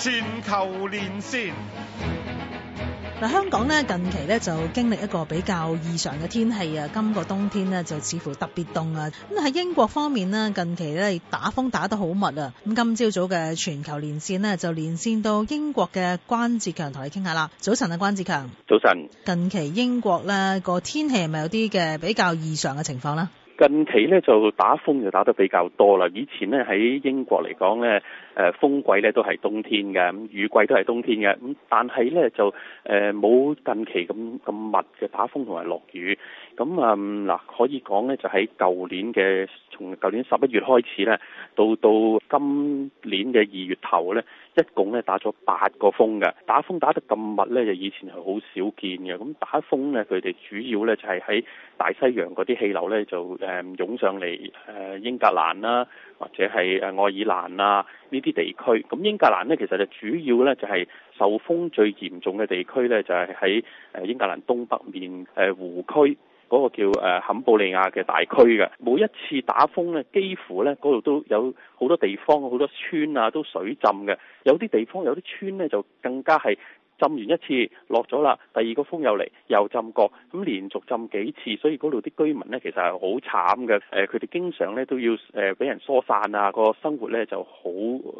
全球連線嗱，香港咧近期咧就經歷一個比較異常嘅天氣啊。今個冬天咧就似乎特別凍啊。咁喺英國方面咧，近期咧打風打得好密啊。咁今朝早嘅全球連線咧就連線到英國嘅關志強，同你傾下啦。早晨啊，關志強，早晨。近期英國咧個天氣係咪有啲嘅比較異常嘅情況咧？近期咧就打風就打得比較多啦。以前咧喺英國嚟講咧，誒、呃、風季咧都係冬天嘅，雨季都係冬天嘅。咁但係咧就誒冇、呃、近期咁咁密嘅打風同埋落雨。咁啊嗱，可以講咧就喺舊年嘅，從舊年十一月開始咧，到到今年嘅二月頭咧，一共咧打咗八個風嘅。打風打得咁密咧，就以前係好少見嘅。咁打風咧，佢哋主要咧就係喺大西洋嗰啲氣流咧就。誒、嗯、湧上嚟誒、呃、英格蘭啦、啊，或者係誒愛爾蘭啊呢啲地區。咁、嗯、英格蘭呢，其實就主要呢就係、是、受風最嚴重嘅地區呢，就係喺誒英格蘭東北面誒、呃、湖區嗰、那個叫誒、呃、坎布利亞嘅大區嘅。每一次打風呢，幾乎呢嗰度都有好多地方好多村啊都水浸嘅，有啲地方有啲村呢，就更加係。浸完一次落咗啦，第二個風又嚟又浸過，咁連續浸幾次，所以嗰度啲居民呢，其實係好慘嘅。誒、呃，佢哋經常咧都要誒俾人疏散啊，個生活咧就好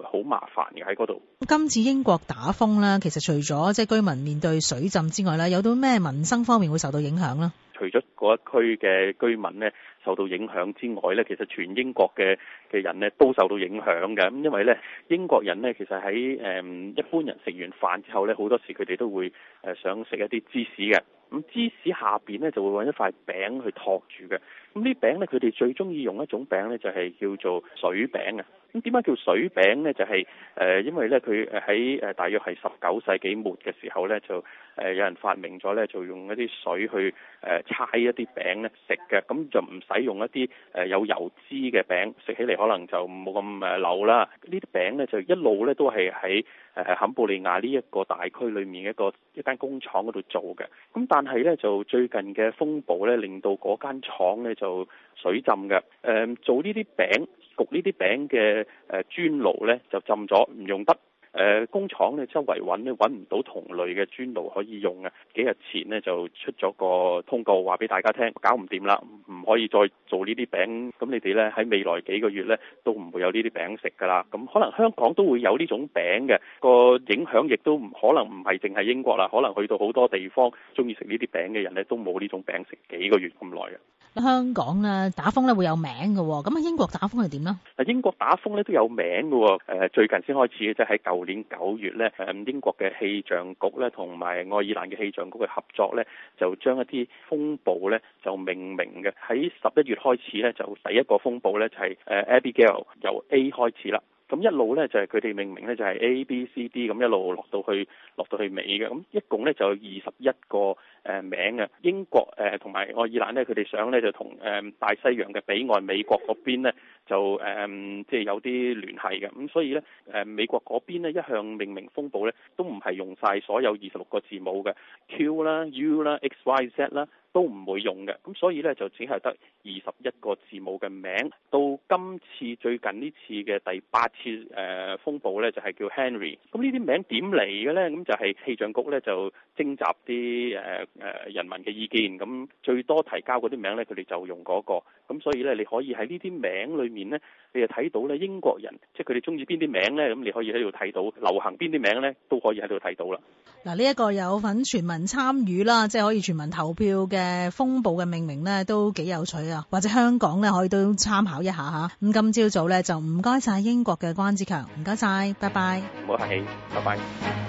好麻煩嘅喺嗰度。今次英國打風咧，其實除咗即係居民面對水浸之外咧，有到咩民生方面會受到影響咧？除咗嗰一區嘅居民呢，受到影響之外呢，其實全英國嘅嘅人呢都受到影響嘅。咁因為呢，英國人呢，其實喺誒、嗯、一般人食完飯之後呢，好多時佢哋都會誒、呃、想食一啲芝士嘅。咁、嗯、芝士下邊呢，就會揾一塊餅去托住嘅。咁呢餅呢，佢哋最中意用一種餅呢，就係、是、叫做水餅嘅。咁點解叫水餅呢？就係、是、誒、呃，因為呢，佢喺誒大約係十九世紀末嘅時候呢，就誒、呃、有人發明咗呢，就用一啲水去誒搓。呃呃一啲餅咧食嘅，咁就唔使用一啲誒有油脂嘅餅，食起嚟可能就冇咁誒油啦。呢啲餅咧就一路咧都係喺誒坎布利亞呢一個大區裏面一個一間工廠嗰度做嘅。咁但係咧就最近嘅風暴咧，令到嗰間廠咧就水浸嘅。誒做呢啲餅焗呢啲餅嘅誒磚爐咧就浸咗，唔用得。誒、呃、工廠咧周圍揾咧揾唔到同類嘅磚爐可以用啊！幾日前咧就出咗個通告話俾大家聽，搞唔掂啦，唔可以再做呢啲餅。咁你哋呢喺未來幾個月呢都唔會有呢啲餅食㗎啦。咁可能香港都會有呢種餅嘅個影響，亦都唔可能唔係淨係英國啦，可能去到好多地方中意食呢啲餅嘅人呢都冇呢種餅食幾個月咁耐啊！香港咧打風咧會有名嘅，咁啊英國打風係點咧？啊英國打風咧都有名嘅，誒最近先開始嘅，即係喺舊年九月咧，誒英國嘅氣象局咧同埋愛爾蘭嘅氣象局嘅合作咧，就將一啲風暴咧就命名嘅。喺十一月開始咧，就第一個風暴咧就係誒 Abigail 由 A 開始啦。咁一路呢，就係佢哋命名呢，就係、是、A B C D 咁一路落到去落到去尾嘅，咁一共呢，就有二十一個誒名嘅。英國誒同埋愛爾蘭呢，佢哋想呢，就同誒大西洋嘅彼岸美國嗰邊呢就誒、呃、即係有啲聯繫嘅。咁所以呢，誒、呃、美國嗰邊呢一向命名風暴呢，都唔係用晒所有二十六個字母嘅 Q 啦 U 啦 X Y Z 啦。都唔會用嘅，咁所以呢，就只係得二十一個字母嘅名。到今次最近呢次嘅第八次誒、呃、風暴呢，就係、是、叫 Henry。咁呢啲名點嚟嘅呢？咁就係氣象局呢，就徵集啲誒誒人民嘅意見，咁最多提交嗰啲名呢，佢哋就用嗰、那個。咁所以呢，你可以喺呢啲名裡面呢。你又睇到咧英國人，即係佢哋中意邊啲名咧，咁你可以喺度睇到流行邊啲名咧，都可以喺度睇到啦。嗱，呢一個有份全民參與啦，即係可以全民投票嘅風暴嘅命名咧，都幾有趣啊！或者香港咧可以都參考一下吓。咁今朝早咧就唔該晒英國嘅關志強，唔該晒。拜拜。唔好客氣，拜拜。